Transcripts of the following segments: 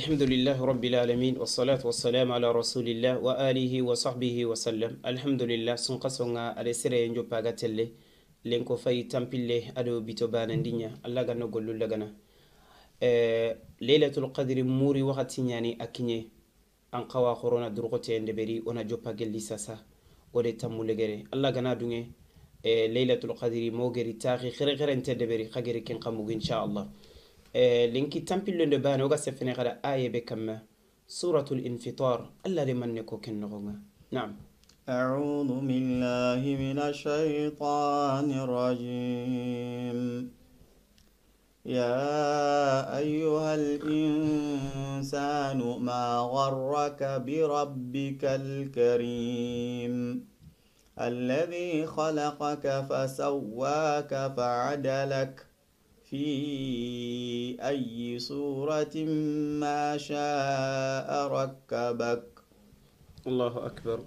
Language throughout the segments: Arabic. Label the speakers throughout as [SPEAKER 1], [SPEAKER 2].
[SPEAKER 1] الحمد لله رب العالمين والصلاة والسلام على رسول الله وآله وصحبه وسلم الحمد لله سنقصنا على سر ينجو باغتل لنكو في تنبيل أدو بيتو بانا دينيا الله غنو قول الله غنا ليلة القدر موري وغتين يعني أكيني أن قوى خرونا درغتين اندبري ونا جو باغل لساسا ودي تمو لغري الله غنا دوني ليلة القدر موغري تاغي خير غير انتدبري خير كنقمو إن شاء الله إيه، لينكي تامبي لون دبان وغا سفني غدا آية بكم سورة الانفطار ألا لمن نكو كنغونا
[SPEAKER 2] نعم أعوذ بالله من الشيطان الرجيم يا أيها الإنسان ما غرك بربك الكريم الذي خلقك فسواك فعدلك في أي صورة ما شاء ركبك الله أكبر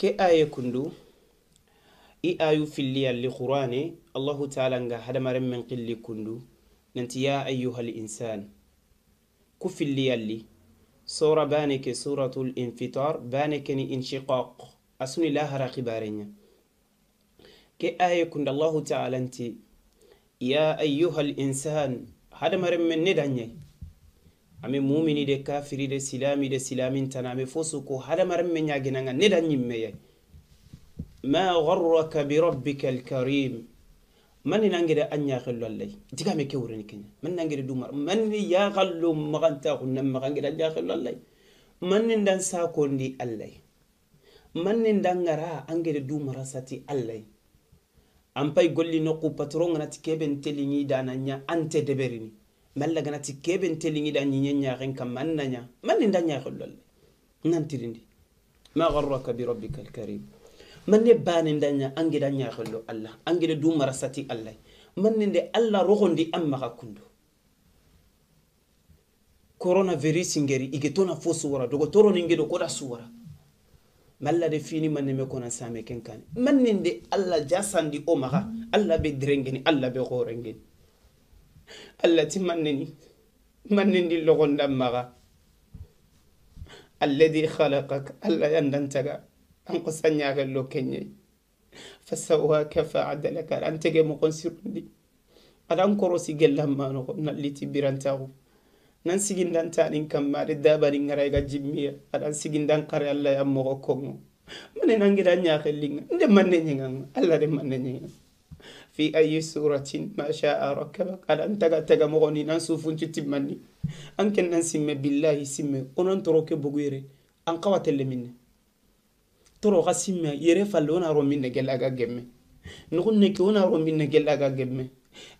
[SPEAKER 1] كي آية كندو إي آيو في اللي القرآن الله تعالى هذا مرم من قل كندو ننت يا أيها الإنسان كف اللي اللي صورة بانك صورة الانفطار بانك انشقاق أسني لا هرا كبارين كي آية كند الله تعالى انتي ya ayyuhal insan hadamaren men ne danye ame mumini de kafiri de silami de silamin tana ame fosu ko hadamaren men yaginanga ne danyin meye ma gharraka bi rabbika alkarim man nangede an yaxillollay digame ke wurini keña man nangede dumar man yaxallo maxantaxunna maxangede an yaxillollay man ni dan sakondi allay man ni dan ngara angede dumara sati allay ampay golli noqu patron ganati keɓen teliŋida naña ante deberini malla ganati keɓen teliŋida ñiñe ñaxen kam man naña manni nda ñaxellolle nantirindi ma garraka bi rabbika alkarim manne bane ndaña angida ñaxello allah angida du marasati allah manne nde allah roxondi an maxa kundu coronavirus ngeri ige tona fo suwara dogotoroni ngedo koda suwara malla de fini manne me kona same ken kane mannen de allah jasandi o maxa allah be direngeni allah be xoorengeni allah ti manneni mannendi loxondan maxa alladi xalaqak allah yandantaga an qosa ñaxello kenñey fa sawaka fa adalaka aɗan tege moxon sirundi aɗan korosi gellanmanoxo nalliti birantaxu nan sigindan taɗin kamma ɗi dabarin garayga jimmiya aɗan sigindan kare allah ya mɔgɔ kɔngɔ mogo kongo mane nangira ñaxellinga nde manne ñinganga allah de manne ñinga fi ayi suratin ma shaa rakkabak aɗan taga taga mogoni nan sufuncu timmanni an ken nan simme billahi simme onan toro ke boguyere an kawatelle minne toro xa simme yere falle wona ro minne gellaga gemme nuxun neke wona ro minne gellaga gemme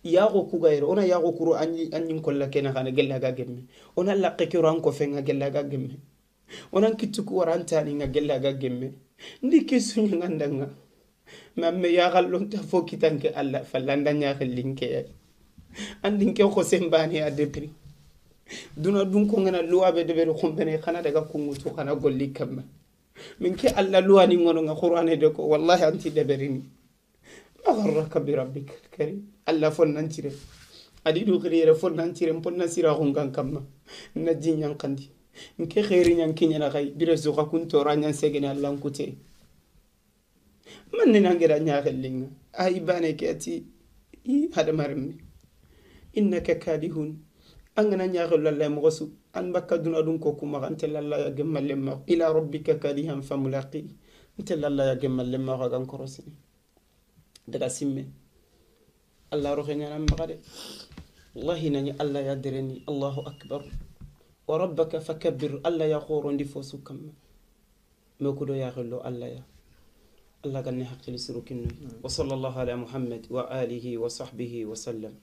[SPEAKER 1] yago yɛrɛ ona yago kuro anñin kolla kena gɛlɛya ka gemme ona laqe kero an ka gellaga gemme onan kittuku wara an taninga gellaga gemme ndi ke suñangandanga mamme ta fo kitanke allah fallanda ñaxellinkeye ko sen bane a depri duna dunkongana luwaɓe deɓere xumbene kana daga kungutu xana golli kamma min ke allah luwani gononga xurane de ko wallahi anti ni. ما غرك بربك الكريم الله فلنا نتيرم أدي دو غير فلنا نتيرم فلنا سيرا غنغان كما نجي نانقندي nke kheri nyan kinyana gai bire zuga kun tora nyan segene allah kute man ne nangera nya gellinga ay bane ke ati i hada marmi innaka kadihun angana nya gelalla mo gosu an bakka duna dun ko kuma kan telalla ya gemmalle ma ila rabbika kadihan famulaqi telalla ya gemmalle ma kan korosini daga simme allah roxe ñanan maxa de wallahi nañi allah ya dereni allahu akbar wa rabbaka fakabbir allah ya xorondi fo su kamma mais kudo yaxello allah ya allah ganne haqqili suru kinnoy wa sallallahu ala muhammad wa alihi wa sahbihi wa sallam